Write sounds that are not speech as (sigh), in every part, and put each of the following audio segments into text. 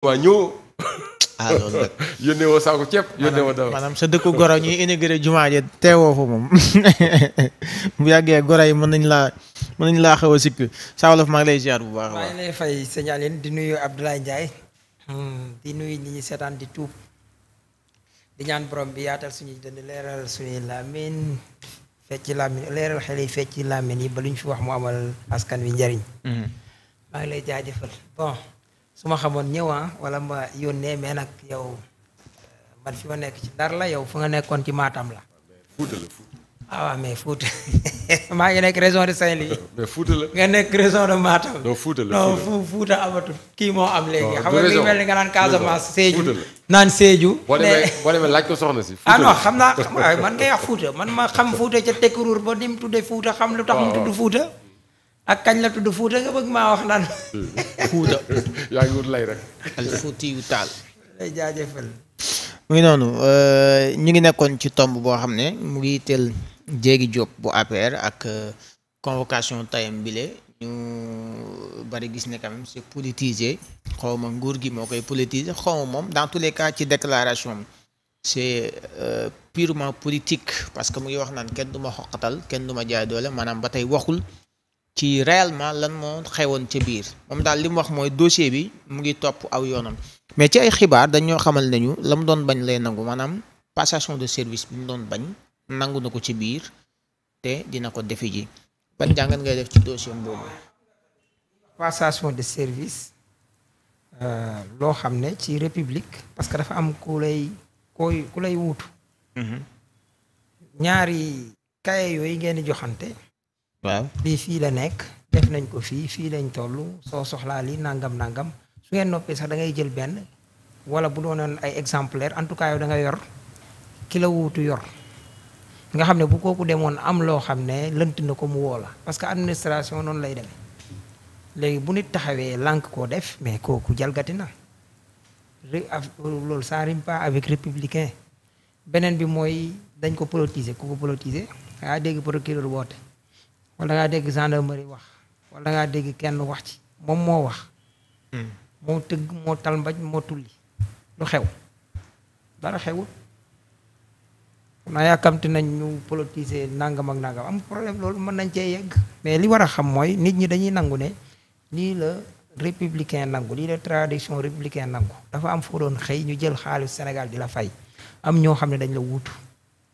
waa ñëw. ah loolu nag (laughs) yónnee woo ceeb yónnee woo maanaam sa dëkku goro ñuy inauguré jumaa ji teewoo fa moom mu (laughs) yàggee goro yi mën nañ laa mën nañ laa xaw a sikk Saa Wolof maa ngi lay ziar bu baax a baax. maa ngi lay fay signalé di nuyu Abdoulaye Ndiaye hmm, di nuyu ñi ñu seetaan di tuub di ñaan borom bi yaatal suñuy dënd leeral suñuy làmmiñ fecc làmmiñ leeral xel yi fecc làmmiñ yi ba lu fi wax mu amal askan wi njariñ hmm. su ma xamoon ñëwaa ah, wala ma yónnee mais nag yow eh, man fi ma nekk ci Ndar la yow fu nga nekkoon ci maatam la. Fuuta la ah, waaw mais Fuuta (laughs) maa ngi nekk région de Saint-Louis. (laughs) la nga nekk région de Matam. non Fuuta la non fu kii moo am léegi xam nga li mel ni nga naan Casamance Sédhiou naan Sédhiou. boo demee boo laaj ko soxna si. ah non xam naa man ngay wax Fuuta man ma xam Fuuta ca Tekruur ba ni mu tuddee Fuuta xam lu tax mu tudd Fuuta. ak kañ la tudd Fuuta nga bëgg maa wax naan. Fuuta (laughs) yaa ngi wut lay rek. al Fuuti yu taal. mu ngi noonu euh, ñu ngi nekkoon ci tomb boo xam ne mu ngi teel jéegi Diop bu APR ak euh, convocation tayam bile ñu bari gis ne quand même c'est politisé xaw ma nguur gi moo koy politiser xaw ma moom dans tous les ci déclaration bi c'est euh, purement politique parce que mu ngi wax naan kenn du ma xoqatal kenn du ma jaay doole maanaam ba tey waxul. ci réellement lan moo xewoon ca biir moom daal li mu wax mooy dossier bi mu ngi topp aw yoonam mais ci ay xibaar dañoo xamal nañu la mu doon bañ lay nangu maanaam passation de service bi mu doon bañ nangu na ko ci biir te dina ko defe ji ban jàngat ngay def ci dossier boobu. passation de service euh, loo xam ne ci république parce que dafa am ku lay koy ku lay wuutu. Mhm. ñaari kaye yooyu ngeen joxante. waaw bii fii la nekk def nañ ko fii fii lañ toll soo soxlaa li nangam nangam su ngeen noppee sax da ngay jël benn wala bu doonoon ay exemplaire en tout cas da nga yor kilo la yor nga xam ne bu kooku demoon am loo xam ne lënt na ko mu woo la parce que administration noonu lay demee léegi bu nit taxawee lànk koo def mais kooku jalgati na loolu ça rime pas avec républicain beneen bi mooy dañ ko politiser ku ko politiser ah dégg procureur woote wala ngaa dégg gendarmerie wax wala ngaa dégg kenn wax ci moom moo wax hmm. moo tëgg moo tal mbaj moo tulli lu xew dara xewul naa yàkkamti nañ ñu politiser nangam ak nangam am problème loolu mën nañ cee yegg mais li war a xam mooy nit ñi dañuy nangu ne lii la républicain nangu lii la tradition républicain nangu dafa am foo doon xëy ñu jël xaalis Sénégal di la fay am ñoo xam ne dañ la wuutu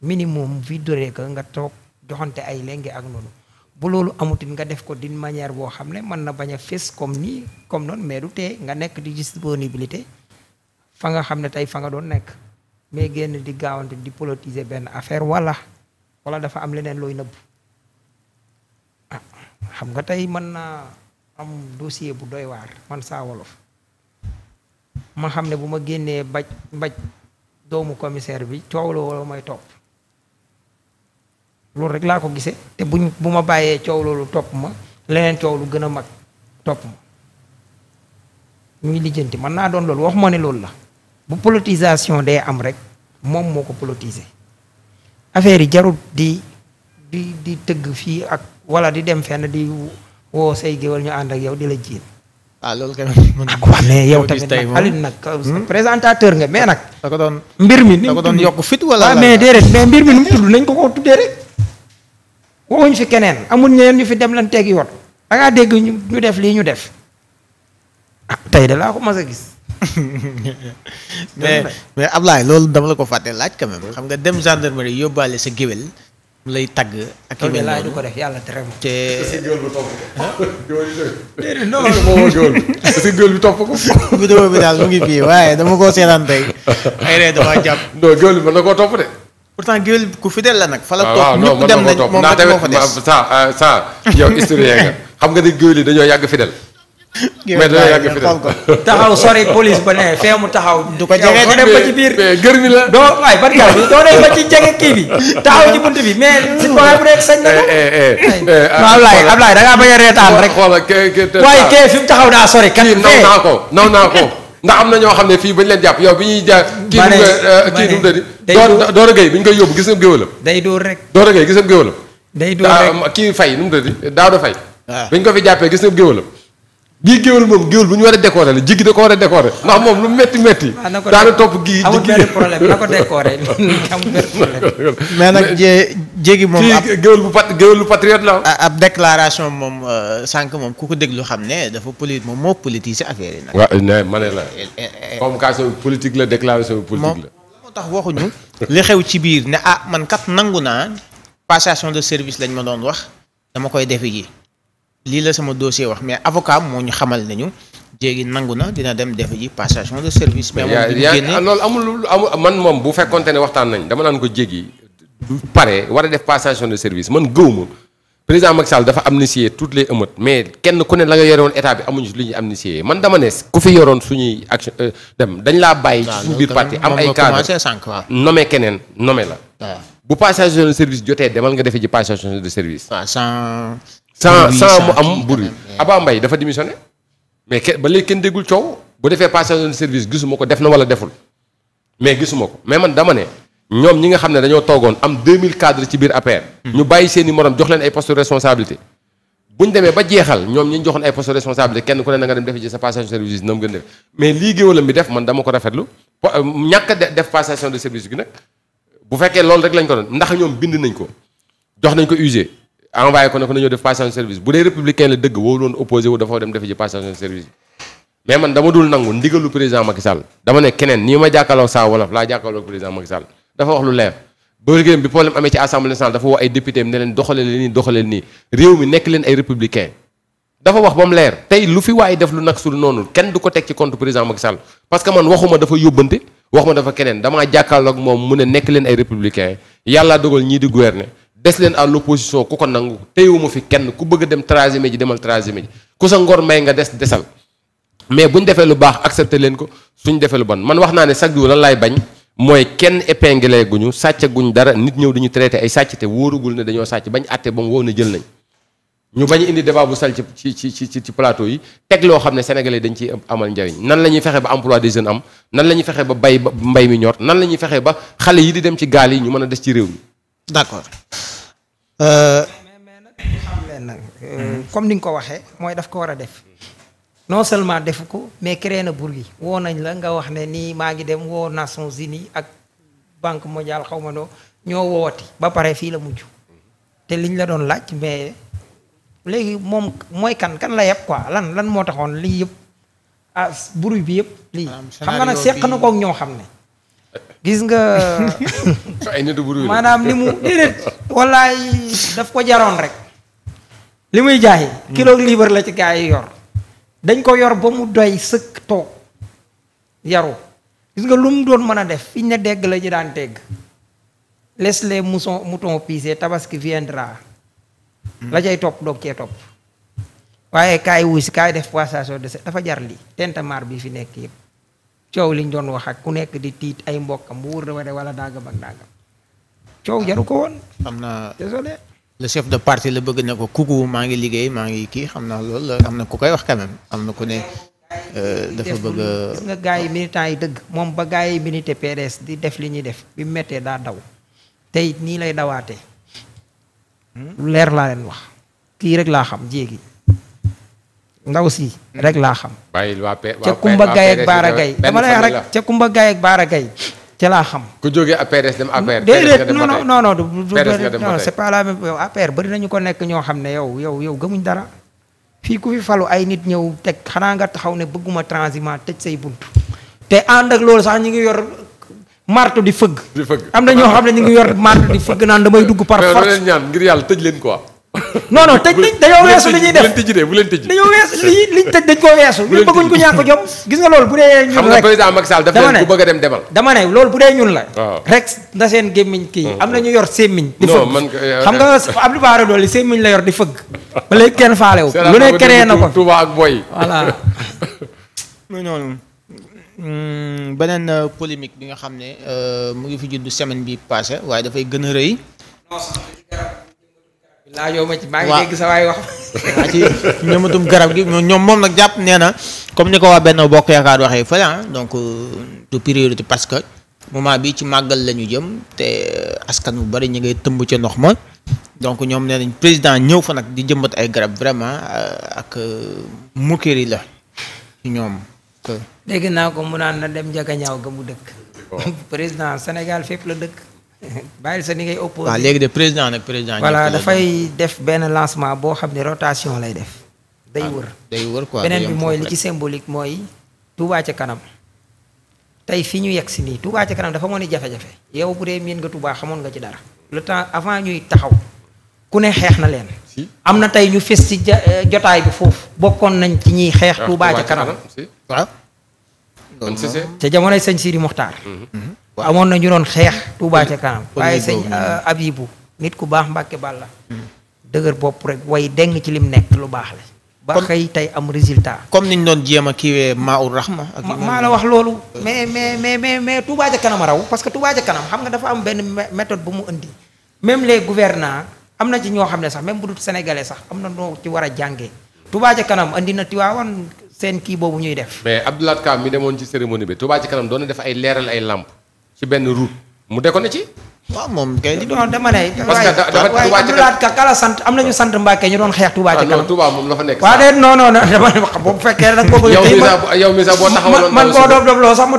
minimum vie durée que nga toog joxante ay lenge ak noonu bu loolu amutin nga def ko di manière boo xam ne mën na bañ a fés comme nii comme noonu mais du tee nga nekk di disponibilité fa nga xam ne tey fa nga doon nekk mais génn di gaawante di politiser benn affaire wala wala dafa am leneen looy nëbb ah xam nga tey mën naa am dossier bu doy waar man saa wolof ma xam ne bu ma génnee baj baj doomu commissaire bi coow la may topp loolu rek laa ko gise te buñ bu ma bàyyee coow loolu topp ma leneen coow lu gën a mag topp ma ñuy lijjanti mën naa doon loolu wax ma ne loolu la bu politisation day am rek moom moo ko politiser affaire yi jarut di di di tëgg fii ak wala di dem fenn di woo say géwal ñu ànd ak yow di la jiin ah loolu kay man (laughs) mais yow tamit nag Alioune nag euh, hmm? présentateur nga mais nag. da ko mbir mi ni ko doon yokk fit wala. Ah, mais déedéet mais nañ ko ko tuddee rek. waxuñ fi keneen amul ñeneen ñu fi dem lan teeg yoon da ngaa dégg ñu def lii ñu def ah tey de laa ko mas a gis. (laughs) mais mais Ablaye loolu dama la ko fàtte laaj quand xam nga dem gendarmerie yóbbaale sa géwél mu lay tagg. ak i mel noonu du ko def yàlla tere ma. te est-ce que géwél bi topp ko. (laughs) (laughs) bi daal mu ngi fii waaye dama koo seetaan tey. ay ree dama jàpp. non géwél bi mën na koo topp de. pourtant géwél ku fidèle la nag. fa la toog ñëpp dem na moom rek moo fa des saa saa yow historien nga xam nga ni géwél yi dañoo yàgg fidèle. mais dañoo yàgg fidèle taxaw sori police ba ne fee mu taxaw. du ko jege nga dem ba biir gër mi la. doo waay ban gàll bi doo dem ba bi taxaw ci bunt bi mais. bu nekk sañ na ko. Eh, eh, eh. a reetaan rek. waaye kee taxaw daa sori. kat fee naa ko. ndax am na ñoo xam ne fii bañ leen jàpp yow bi ñuy ja kii dum euh, kii dum tadi door door a géy bi ñu koy yóbbu gis nga géwalam day door rek door a géy gis nga géwalam day door rek kii fay nu mu tadi daaw da fay ah. bañ ko fi jàppee gis nga géwalam bii géwél moom géwél bu ñu war a décorer la jiggi da ko war a décorer ndax moom lu metti metti ah, daana topp gi (laughs) amul benn problème ko mais nag jé moom kii géwél bu pat géwél bu patriote la ab déclaration moom euh, sànq moom ku ko déglu xam ne dafa politique moom moo politiser affaire yi nag waaw ne ma ne la eh, eh, eh, communication politique la déclaration moom la moo tax waxuñu li xew ci biir ne ah man kat nangu naa passation de service lañ ma doon wax dama koy defe ji lii la sama dossier wax mais avocat moo ñu xamal nañu jéegi nangu na dina dem def ji passation de service. mais ah, loolu amul amul man moom bu fekkonte ne waxtaan nañ dama naan ko jéegi. du pare war a def passation de service man gëw ma président Macky Sall dafa amnistier toutes les émeutes mais kenn ku ne la nga yoroon état bi amuñu lu ñuy amnistier man dama ne fi yoroon suñuy action euh, dañ laa bàyyi. ci suñu biir parti am ay cadres nommé keneen nommé la. bu passation de service jotee demal nga defee ji passation de service. sans. sans sans mu am bruit Abba Mbaye dafa démissionné mais ke ba léegi kenn déggul coow bu defee passation de service gisuma ko def na wala deful mais gisuma ko mais man dama ne ñoom ñi nga xam ne dañoo toogoon am 2000 cadres ci biir APR. ñu bàyyi seen i morom jox leen ay postes de responsabilité bu ñu demee ba jeexal ñoom ñi ñu joxoon ay postes de responsabilité kenn ku ne na nga dem defi ci sa passation de service na mu gën def mais lii géwalam bi def man dama ko rafetlu euh, ñàkk def passation de service gi nag bu fekkee loolu rek lañ ko doon ndax ñoom bind nañ ko jox nañ ko UG. envoyé ko ne ko nañoo def passation service bu dee républicain la dëgg woo loon opposé wu dafa dem defe ji passation service mais man dama dul nangu ndigalu président Macky Sall dama ne keneen nii ma jàkkaarloog saa wolof laa jàkkaarloog président Macky Sall dafa wax lu leer bërigéem bi problème amee ci assemblée nationale dafa woo ay député ne leen doxalee nii réew mi nekk leen ay républicain dafa wax ba mu leer tey lu fi waaye def lu nag sul noonu kenn du ko teg ci compte président Macky Sall parce que man waxuma dafa yóbbante wax ma dafa keneen damaa jàkkaarloog moom mu ne nekk leen ay républicain yàllaa dogal ñii di gouverner des leen à l'opposition ku ko nangu téyewuma fi kenn ku bëgg a dem tragémé ji demal tragémé ji ku sa ngor may nga des desal mais bu buñ defee lu baax accepté leen ko suñ defee lu bon man wax naa ne chaque jour lan laay bañ mooy kenn épinglé guñu sàcc guñ dara nit ñëw dañu traité ay sàcc te wóorugul ne dañoo sàcc bañ àtte ba mu woo ne jël nañ ñu bañ indi débat bu sal ci ci ci ci plateau yi teg loo xam ne sénégalais dañ ciy amal njariñ nan la ñuy fexe ba emploi des jeunes am nan la ñuy fexe bay mbay mi ñor nan la ñuy fexe ba xale yi di dem ci gaal yi ñu mën a des ci réew mi d'accord xam leen nag comme ni nga ko waxee mooy daf ko war a def non seulement defu ko mais créé na bruit woo nañ la nga wax ne nii maa ngi dem woo Nations Unies ak banque mondiale xaw ma noo ñoo wooti ba pare fii la mujj te liñ la doon laaj mais léegi moom mooy kan kan la yàpp quoi lan lan moo taxoon lii yëpp ah bruit bi yëpp lii xam nga nag seq na kook ñoo xam ne gis nga. (laughs) ay maanaam ni mu déedéet. wallaay daf ko jaroon rek. li muy jaay. kilo hmm. liibar la ci gaa yi yor. dañ ko yor ba mu doy sëkk toog yaru gis nga lu doon mën a def fiñ ne degg la ñu daan dégg. laisse les moutons moutons pisser tabaski viendra. Hmm. la cay topp doog cee topp. waaye kaay wuy si kaay def passation de dafa jar lii tentamar bi fi nekk yëpp. coow liñ doon wax ak ku nekk di tiit ay mbokkam bu wóor ware wala daagam ak daagam coow jaru ko woon. xam naa désolé. chef de parti la bëgg na ko kuku maa ngi liggéey maa ngi kii xam naa loolu la am na ku koy wax quand même am na ku ne. Euh, dafa bëgg gis nga gars yi yi dëgg moom ba gars yi milité PDS di def li ñuy def bi mu méttee daa daw tey nii lay dawaatee. Hmm? leer laa leen wax kii rek laa xam jéegi. ndaw si rek laa xam. bàyyil waa P ca Kumba Gaye ak Baara Gaye dama lay wax rek ca Kumba laa xam. ku jógee APRS dem APR. déedéet non non non non c'est pas la même APR bari nañu ko nekk ñoo xam ne yow yow yow gëmuñ dara. fii ku fi falu ay nit ñëw teg xanaa nga taxaw ne bëgguma transhumant tëj say bunt. te ànd ak loolu sax ñu ngi yor marto di fëgg. di am na ñoo xam ne ñu ngi yor marto di fëgg naan damay dugg par force. ngir yàlla tëj leen ko non non tëj dañoo weesu li ñuy def bu leen tëj de bu leen tëj dañoo weesu li liñ tëj dañ koo weesu ñun bëgguñ ko ñàkk jom gis nga loolu bu dee ñun rek président Macky bëgg dem demal dama loolu bu dee ñun la ah. rek na seen gémmiñ kii mm. am na ñu yor sémmiñ di fëgg eh, xam nga eh. Abdou Bara Dolly sémmiñ la yor di fëgg ba léegi kenn faalewu lu ne créé na ko Touba ak boy voilà (laughs) mu noonu hmm, beneen euh, polémique bi nga xam ne euh, mu ngi fi juddu semaine bi passé waaye dafay gën a rëy laajoo ma ci maa ngi dégg sa waay wax. (laughs) waa ci ñomatum garab gi ñoom moom nag jàpp nee na comme ni ko waa benn bokk yaakaar waxee fële ah donc euh, du priorité parce que moment bi ci màggal la ñu jëm te euh, askan bu bari ñu ngay tëmb ci ndox ma donc ñoom nee président ñëw fa nag di jëmbat ay garab vraiment euh, ak mukkiri la ñoom. dégg naa ko mu naan na dem Ndiaga ñaaw ga mu dëkk. (laughs) président Sénégal fépp la dëkk. bàyyil sa ni ngay opposé waaw léegi de président nag président. voilà dafay def benn lancement boo xam ne rotation lay def. day ah, wër day wër quoi beneen bi mooy li ci symbolique mooy. Touba ca kanam tey fi ñu yegg si nii Touba ca kanam dafa mën a jafe-jafe yow bu dee miin nga Touba xamoon nga ci dara. le temps avant ñuy taxaw ku ne xeex na leen. am na tey ñu fes ci euh, jotaay bi foofu. bokkoon nañ ci ñiy xeex. Ah, Touba ca kanam waaw. Ah. ca jamonoy sëñ Sidi Mokhtar. Mhm. Mhm. amoon na ñu doon xeex Touba ca kanam waaye sëñ euh, Abibu nit ku baax Mbàkke Bàlla hmm. dëgër bopp rek way deng ci lim nekk lu baax la ba xëy tey am résultat comme ñu doon jéem a kiiwee rax ma ak maa la wax loolu euh. mais mais mais mais mais Touba ca kanam raw parce que Touba ca kanam xam nga dafa am benn méthode bu mu indi même les gouvernants am na ci ñoo xam ne sax même bu dul sénégalais sax am na noo ci war a jàngee Touba ca kanam andi na Tiwaawan seen kii boobu ñuy def mais Abdoulaye Ka mi demoon ci cérémonie bi Touba ca kanam doon def ay leeral ay làmp ci benn route mu déconné ci. waaw moom kay li doon dama ne. ci kanam am nañu sant Mbàkke ñu doon xeex Touba ci ah, kanam. Touba moom la fa nekk. (laughs) bu fekkee nag. boobu mi sax yow mi sax boo taxawaloon. man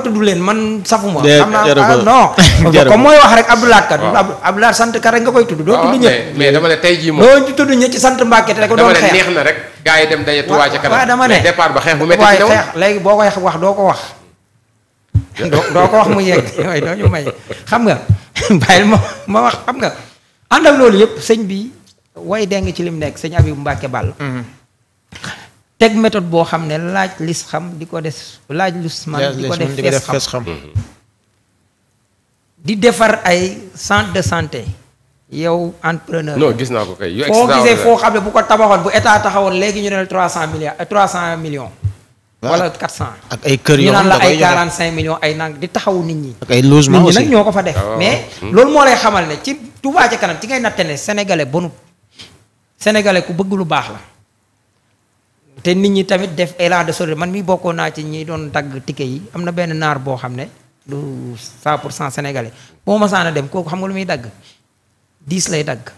boo leen man safuma. xam naa ah, non. (laughs) comme mooy wax rek Abdou Lahad koy tudd. doo tudd ñëpp ne tey jii moom. doo tudd sant Mbàkke te rek doon dama ne neex dem daje Touba ci kanam. waaw dama ne mais ba xeex bu métti ci la woon. léegi boo koy wax doo ko wax doo ko wax mu yegg waaye doo ñu may xam nga bàyyil ma ma wax xam nga ànd loolu yëpp sëñ bi way deng ci lim nekk sëñ Abibu Mbàkke Bàll teg méthode boo xam ne laaj lis xam di ko des laaj lis man di ko def fees xam di defar ay centre de santé yow entrepreneur. non gis naa ko kay. foo gisee foo xam ne bu ko tabaxoon bu état taxawoon léegi ñu ne trois cent milliards trois cent millions. wala 400. ak ay kër yoo xam da koy ñu naan la ay 45 millions ay nang di taxawu nit ñi. ak ay logement aussi nit ñi nag ñoo ko fa def. Ah. mais hmm. loolu moo lay xamal ne ci Touba ca kanam ci ngay natte ne sénégalais bonut sénégalais ku bëgg lu baax la. te nit ñi tamit def élan de solidarité man mi bokkoon naa ci ñi doon dagg ticket yi am na benn naar boo xam ne lu 100 pour cent sénégalais boo ma saana dem kooku xam nga lu muy dagg 10 lay dagg.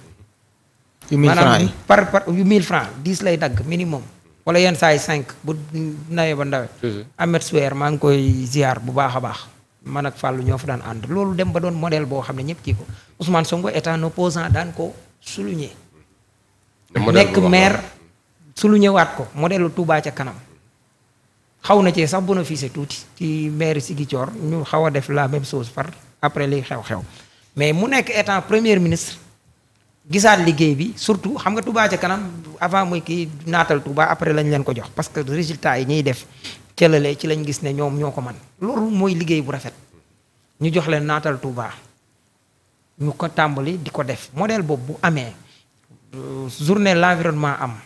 yu 1000 francs par par yu 1000 francs 10 lay dagg minimum. wala yenn saa yi cinq bu nawee ba ndawe mhm. amet suweer maa ngi koy ziar bu baax a baax man ak fàllu ñoo fa daan ànd loolu dem ba doon modèle boo xam ne ñëpp kii ko Ousmane Sonko état opposant daan ko souligner nekk maire souligner waat ko modèle Touba ca kanam xaw na cee sax bénéficier tuuti ci maire Ziguinchor ñu xaw a def la même chose par après liy xew-xew mais mu nekk étant premier ministre gisaat liggéey bi surtout xam nga tubaa ca kanam avant muy kii naatal tubaa après lañ leen ko jox parce que résultat yi ñuy def cëlale ci lañ gis ne ñoom ñoo ko man loolu mooy liggéey bu rafet ñu jox leen naatal Touba ñu ko tàmbali di ko def modèle boobu bu amee euh, journée l'environnement am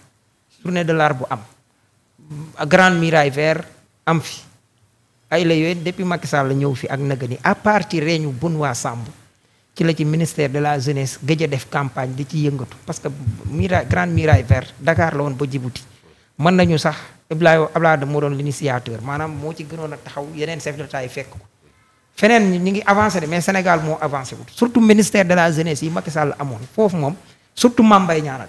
journée de l'art bu am grande muraille verte am fi ay la yooyu depuis Macky la ñëw fi ak naga ni à partir reñu Benoît Sambou ci la ci ministère de la jeunesse gëj def campagne di ci yëngatu parce que muraille grande muraille verte Dakar la woon ba Djibouti mën nañu sax Abdoulaye Abdoulaye moo doon l'initiateur maanaam moo ci gënoon a taxaw yeneen chef d'État yi fekk ko feneen ñu ngi avancé de mais Sénégal moo avancé wut surtout ministère de la jeunesse yi Macky Sall amoon foofu moom surtout Mame Mbaye Niang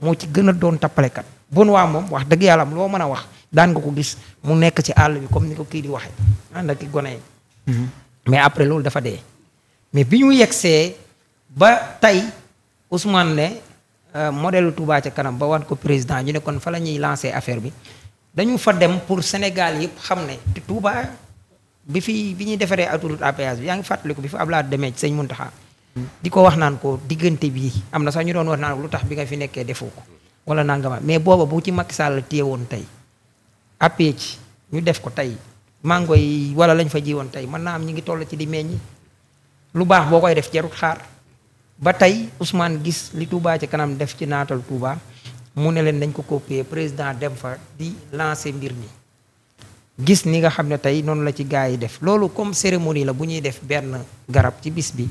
moo ci gën a tappale kat bon waa moom wax dëgg yàlla am loo mën a wax daan nga ko gis mu nekk ci àll bi comme ni ko kii di waxee ànd ak gone yi mm-hmm. mais après loolu dafa dee mais bi ñu yegsee ba tey Ousmane ne euh, modèle Touba ca kanam ba wan ko président ñu ne kon fa la ñuy lancer affaire bi dañu fa dem pour Sénégal yëpp xam ne te Touba bi fi bi ñuy defaree autoroute à yaa ngi fàttaliku bi fi Abdoulaye demee ci sañ mun Mountakha di ko wax naan ko diggante bi am na sax ñu doon wax naan lu tax bi nga fi nekkee defoo ko wala nangama mais booba bu ci Macky Sall téye woon tey appee ci ñu def ko tey mango yi wala lañ fa ji woon tey mën naa am ñu ngi toll ci di meññi lu baax boo koy def jarut xaar ba tey Ousmane gis li Touba ci kanam def ci naatal Touba mu ne leen nañ ko copier président dem fa di lancé mbir mi gis ni nga xam ne tey noonu la ci gaa yi def loolu comme cérémonie la bu ñuy def benn garab ci bis bi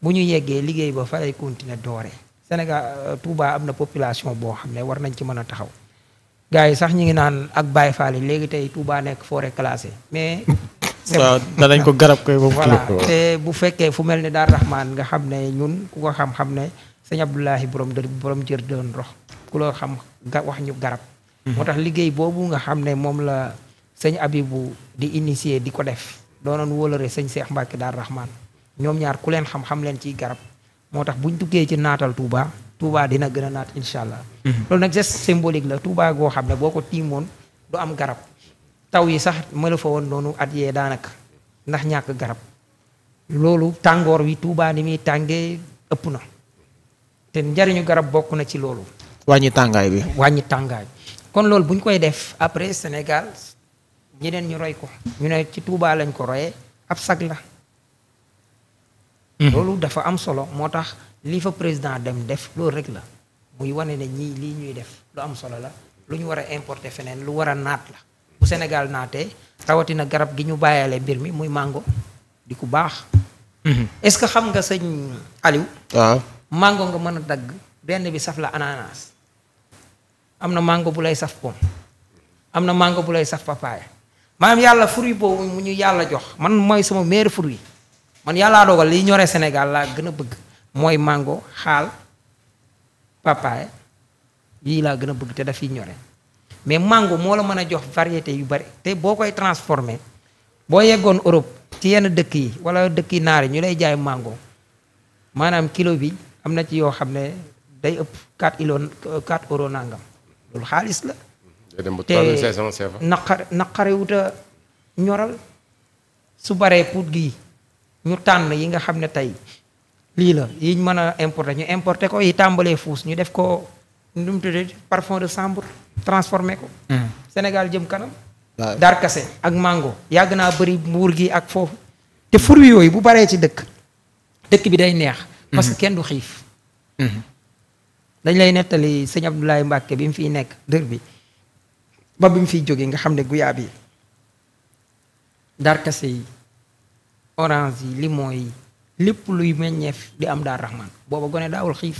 bu ñu yeggee liggéey ba fa lay continuer doore Sénégal euh, Touba am na population boo xam ne war nañ ci mën a taxaw gaa yi sax ñu ngi naan ak Baye Fall léegi tey tuubaa nekk foore classée mais waaw danañ ko garab koy boobu voilà te bu fekkee fu mel ni daal raxmaan nga xam ne ñun ku ko xam-xam ne sëñ Abdoulahi borom dër borom jër doon rox ku loo xam ga wax ñu garab mhm. moo tax liggéey boobu nga xam ne moom la sëñ Abibu di initier di ko def doo doonoon wóolare sëñ Seex Mbàkke daal raxmaan ñoom ñaar ku leen xam-xam leen ciy garab moo tax buñ duggee ci naatal Touba Touba dina gën a naat incha allah mhm. loolu nag geste symbolique la Touba goo xam ne boo ko tiimoon du am garab taw yi sax mënu fa woon noonu at yee daanaka ndax ñàkk garab loolu tàngoor wi tuubaa ni muy tàngee ëpp na te njariñu garab bokk na ci loolu. wàññi tàngaay bi wàññi tàngaay kon loolu bu ñu koy def après Sénégal ñeneen ñu roy ko ñu ne ci tuubaa lañ ko royee ab sag la. Mhm. loolu dafa am solo moo tax li fa président dem def loolu rek la muy wane na ñii lii ñuy def lu am solo la lu ñu war a importer feneen lu war a naat la. bu Sénégal naatee rawatina garab gi ñu bàyyale mbir mi muy mango di ku baax. Mhm. est-ce que xam nga sëñ Aliou. waaw ah. nga mën a dagg benn bi saf la ananas. am na mango bu lay saf pom am na màngo bu lay saf papaaya maanaam yàlla fruit boobu mu ñu yàlla jox man mooy sama meilleur fruit man yàllaa dogal liy ñoree senegal laa gën a bëgg mooy mango xaal papaaya yii laa gën a bëgg te dafiy ñore mais mango moo la mën a jox variété yu bari te boo koy transformé boo yeggoon Europe ci yenn dëkk yi wala dëkk yi naar yi ñu lay jaay màngo maanaam kilo bi am na ci yoo xam ne day ëpp 4 kilo 4 euro nangam loolu xaalis la. te naqar naqare wuta ñoral su baree puut gi ñu tànn yi nga xam ne tey lii la yiñ mën a importe ñu importer ko yi tàmbalee fuus ñu def ko nu mu tuddee parfum de chambre. transformé ko. Hmm. Sénégal jëm kanam. daar kase ak màngo yàgg naa bëri mbuur gi ak foofu. te fur yooyu bu baree ci dëkk. dëkk bi day neex. Hmm. parce que kenn du xiif. Hmm. dañ lay nettali sëñ Abdoulaye Mbacke bi mu fiy nekk dër bi ba bi mu fiy jógee nga xam ne guyaab yi darkase yi orange yi limon yi lépp luy meññeef di am daar raxmaan booba gone daawul xiif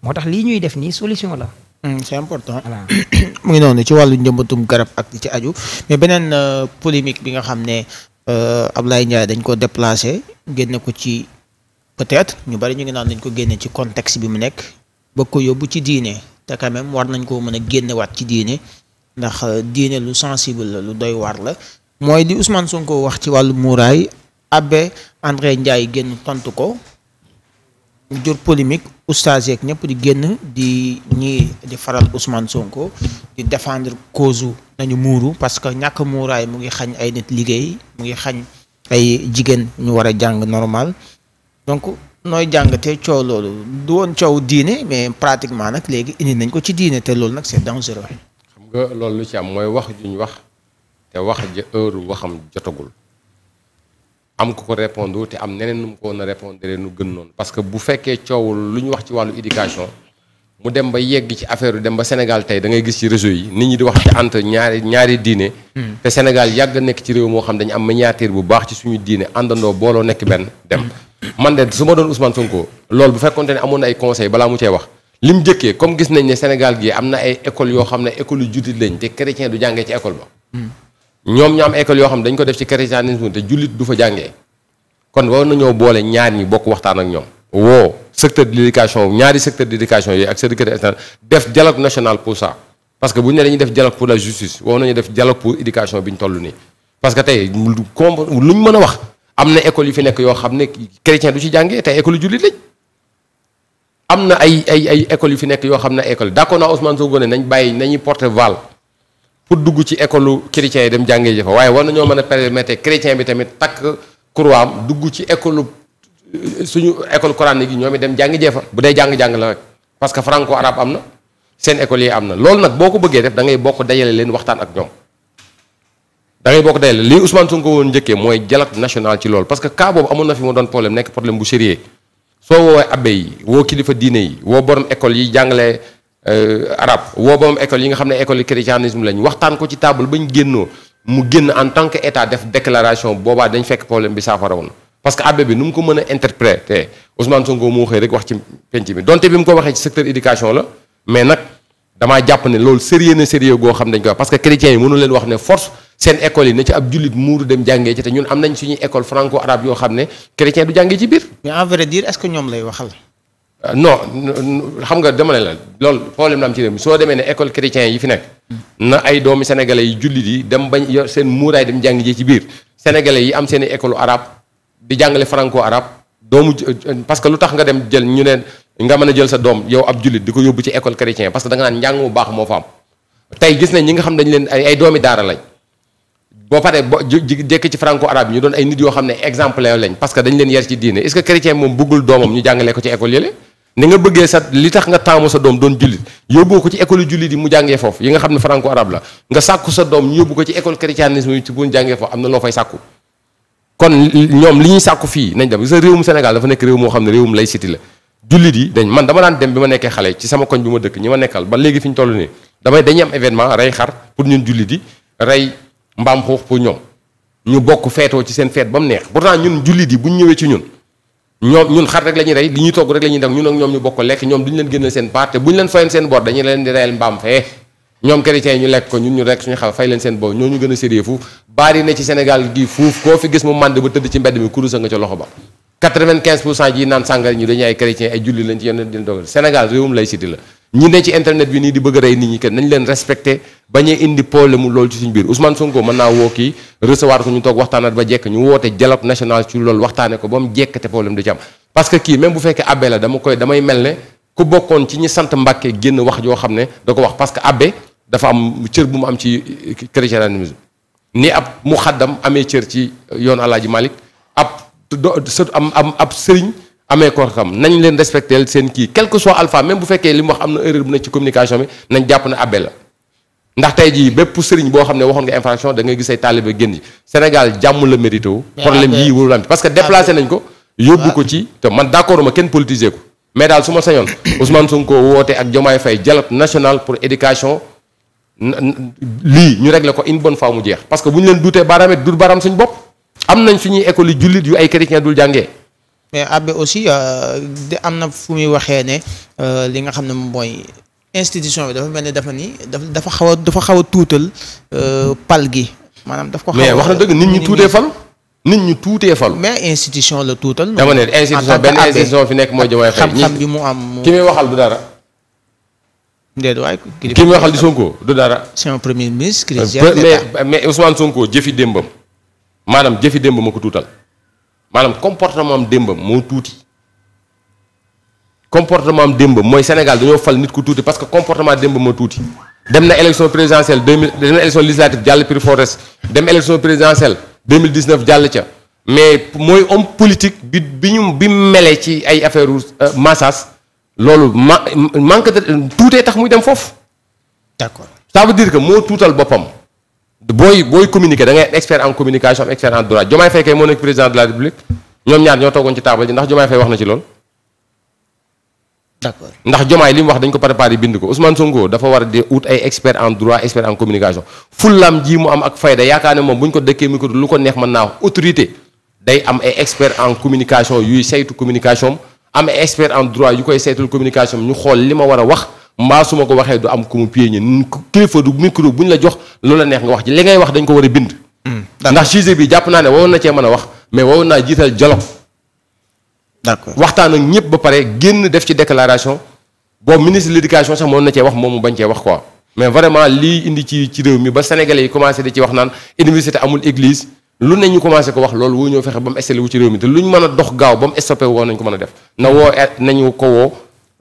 moo tax lii ñuy def nii solution la Mm, c'est important voilà (coughs) mu ngi noonu ci wàllu njëmbatum garab ak ci aju mais beneen euh, polémique bi nga xam ne euh, ab lay Ndiaye dañ ko déplacé génne ko ci peut-être ñu bari ñu ngi naan dañ ko génne ci contexte bi mu nekk ba ko yóbbu ci diine te quand même war nañ koo mën a génnewaat ci diine ndax euh, diine lu sensible la lu doy waar la mooy di Ousmane ko wax ci wàllu muuraay Abbé André Ndiaye génn tontu ko jur polémique oustaz yeeg ñëpp di génn di ñi di faral Ousmane Sonko di defendre cause nañu muuru parce que ñàkk muuraay mu ngi xañ ay nit liggéey mu ngi xañ ay jigéen ñu war a jàng normal donc nooy jàngatee coow loolu du woon coow diine mais pratiquement nag léegi indi nañ ko ci diine te loolu nag c'est dangereux. xam nga loolu lu ci am mooy wax juñ wax te wax ja heure waxam jotagul. am ku ko répondre te am neneen nu mu ko woon a répondre gën noonu parce que bu fekkee coowul lu ñu wax ci wàllu éducation mu dem ba yegg ci affaire dem ba Sénégal tey da ngay gis ci réseau yi nit ñi di wax ci entre ñaari diine hmm. te Sénégal yàgg nekk ci réew moo xam dañu am maniature bu baax ci suñu diine àndandoo booloo nekk benn dem hmm. man de su ma doon Ousmane Sonko loolu bu fekkonte ne amoon na ay conseil balaa mu cee wax li mu jëkkee comme gis nañ ne Sénégal gi am na école yoo xam ne école yu juddit lañ te chrétien du jàngee ci école ba hmm. ñoom ñu am école yoo xam ne dañ ko def ci christianisme te jullit du fa jàngee kon war nañoo boole ñaar ñi bokk waxtaan ak ñoom. woo secteur de l'éducation ñaari secteur de l'éducation yooyu ak secteur de def dialogue national pour ça parce que bu ñu ne dañuy def dialogue pour la justice woo nañu def dialogue pour éducation bi ñu toll nii. parce que tey lu comp ñu mën a wax am na école yu fi nekk yoo xam ne chrétien du ci jàngee tey école yu jullit lañ am na ay ay ay écoles yu fi yoo xam ne école d'accord naa Ousmane nañ bàyyi nañuy porter voile. pour dugg ci école chrétien yi dem jàngee ji fa waaye war nañoo mën a permettre chrétien bi tamit takk croix am dugg ci école euh, suñu école coranique yi ñoom it dem jàngi jee fa bu dee jàng-jàng la rek parce que franco arabe am na seen école yi am na loolu nag boo ko bëggee def da ngay bokk dajale leen waxtaan ak ñoom da ngay bokk dajale lii Ousmane Sonko woon njëkkee mooy dialogue national ci lool parce que cas boobu amoon na fi mu doon problème nekk problème bu sérieux soo woowee abbé yi kilifa diine yi woo borom école yi jàngalee Euh, arabe woo borom école yi nga xam ne école christianisme lañ waxtaan ko ci table bañ génnoo mu génn en tant que état def déclaration boobaa dañ fekk problème bi saafara woon parce que abbé bi nu mu ko mën a interpréter Ousmane Sonko moo xëy rek wax ci penc bi donte bi mu ko waxee ci secteur éducation la mais nag damaa jàpp ne loolu sérieux na sérieux goo xam dañ ko wax parce yi mënu leen wax ne force seen école yi na ci ab jullit muuru dem jàngee ci te yoo xam ne chrétien du jàngee ci biir. mais en Euh, non xam nga dama ne lool loolu problème la am ci réew soo demee ne école chrétien yi fi nekk na ay doomi sénégalais yi jullit yi dem bañ yor seen muuraay dem jàng ji ci biir sénégalais yi am seen i école arabe di jàngale franco arabe doomu euh, parce que lu tax nga dem jël ñu ne nga mën a jël sa doom yow ab jullit di ko yóbbu ci école chrétien parce que da nga mu baax moo fa tey gis nañ ñi nga xam dañ leen ay doomi daara lañ boo paree boo ci franco jàngalee ko ni nga bëggee sa li tax nga taamu sa doom doon jullit yóbbu ko ci école jullit yi mu jàngee foofu yi nga xam ne franco arabe la nga sàkku sa doom yóbbu ko ci école christianisme yi ci bu jàngee foofu am na loo fay ñoom li ñuy sàkku fii nañ dem sa réewum Sénégal dafa nekk réew moo xam ne réewum laïcité la jullit yi dañ man dama daan dem bi ma nekkee xale ci sama koñ bi ma dëkk ñi ma nekkal ba léegi fi ñu toll nii damay dañ am événement rey xar pour ñun jullit yi rey mbaam xuux pour ñoom ñu bokk feetoo ci seen feet ba mu neex pourtant ñun jullit yi bu ñu ñëwee ci ñun ñoom ñun xar rek la rey li ñuy togg rek la ñuy ñun ak ñoom ñu bokk lekk ñoom duñu leen génnal seen part te bu ñu leen fayoon seen bor dañu ñu lekk ko ñun ñu rek suñu xaw fay leen seen bor ñoo ñu gën a sérieux fuuf baari na ci Sénégal gi fuuf koo fi gis mu mànd ba tëdd ci mbedd mi kurusa nga ca loxo ba 95 pour cent ji naan sàngara ñu dañuy ay chrétiens ay julli lañ ci yonent di dogal Sénégal réewum la ñi ne ci internet bi nii di bëgg rey nit ñi kenn nañ leen respecté bañee indi problème loolu ci suñu biir Ousmane Sonko mën naa woo kii recevoir ko ñu toog waxtaanat ba jekk ñu woote dialogue national ci lool waxtaane ko ba mu jekkate problème du ci am parce que kii même bu fekkee abbé la dama koy damay mel ne ku bokkoon ci ñi sant Mbàkke génn wax joo xam ne da ko wax parce que abbé dafa am cër bu mu am ci christianisme ni ab mu xaddam amee cër ci yoon Alaaji Malik ab do am am ab sëriñ amee ko xam nañ leen respecté seen kii quel que soit alpha même bu fekkee li mu wax am na erreur bu ne ci communication bi nañ jàpp na abbé la ndax tey jii bépp sëriñ boo xam ne waxoon nga infraction da ngay gis ay taalibe génn ji Sénégal jàmm la mérité wu problème yii warul am parce que déplacé nañ ko yóbbu ko ci te man d'accord ma kenn politiser ko mais daal su ma sañoon (coughs) Ousmane Sonko woote ak Diomaye fay dialogue national pour éducation lii ñu régler ko une bonne jeex parce que bu leen duutee baaraam it duut baaraam suñ nañ fi ñuy école yu ay chrétien dul jàngee mais abbé aussi euh, de am na fu muy waxee ne euh, li nga xam ne mooy institution bi dafa mel ni dafa ni dafa xaw a dafa xaw a tuutal euh, pal gi maanaam daf ko xaw mais wax na dëgg nit ñi tuutee fal nit ñu tuutee falu. mais institution la tuutal. dama ne institution benn institution fi nekk mooy Diomaye Faye xam-xam bi mu am. ki muy waxal du dara. déedéet waay ki muy waxal di Sonko du dara. c'est un premier ministre. mais mais Ousmane Sonko jëfi démbam maanaam jëfi démbam ma ko tuutal. maanaam comportement am démbam moo tuuti comportement am démbam mooy Sénégal dañoo fal nit ku tuuti parce que comportement démbam moo tuuti. dem na élection présidentielle deux mille dem na élection législative jàll Pire Forest dem élection présidentielle deux mille dix jàll ca mais mooy homme politique bi bi ñu bi melee ci ay affaire euh, massage loolu ma manque de tuutee tax muy dem foofu. d'accord ça veut dire que moo tuutal boppam. booy booy communiquer da ngay expert en communication am expert en droit Diomaye Faye kay moo nekk président de la République ñoom ñaar ñoo toogoon ci table ji ndax Diomaye Faye li mu wax dañ ko préparé bind ko Ousmane Sonko dafa war a di ut ay expert en droit expert en communication fullaam ji mu am ak fayda yaakaar ne moom bu ñu ko dëkkee micro lu ko neex ma naa wax autorité day am ay expert en communication yuy saytu communication am ay expert en droit yu koy communication ñu xool li ma war a wax. mbaa su ma ko waxee du am ku mu piéñe kilifa du micro bu ñu la jox loolu la neex nga wax ci li ngay wax dañ ko war a bind hmm, ndax sujet bi jàpp naa ne waroon na cee mën a wax mais waroon naa jiital dialogue d'accord waxtaan ak ñëpp ba pare génn def ci déclaration boobu ministre de sax moom na cee wax moom mu bañ cee wax quoi mais vraiment lii indi ci ci réew mi ba sénégalais yi commencé di ci wax naan université amul église lu ne ñu commencé ko wax loolu woo ñëw fexe ba mu installé wu ci réew mi te lu ñu mën a dox gaaw ba mu stoppé woon nañ ko mën a def na woo nañu ko woo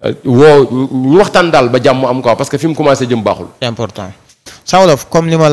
Euh, woo ñu waxtaan daal ba jàmm am quoi parce que fi mu commencé jëm baaxul. c'est important Saa Wolof comme li ma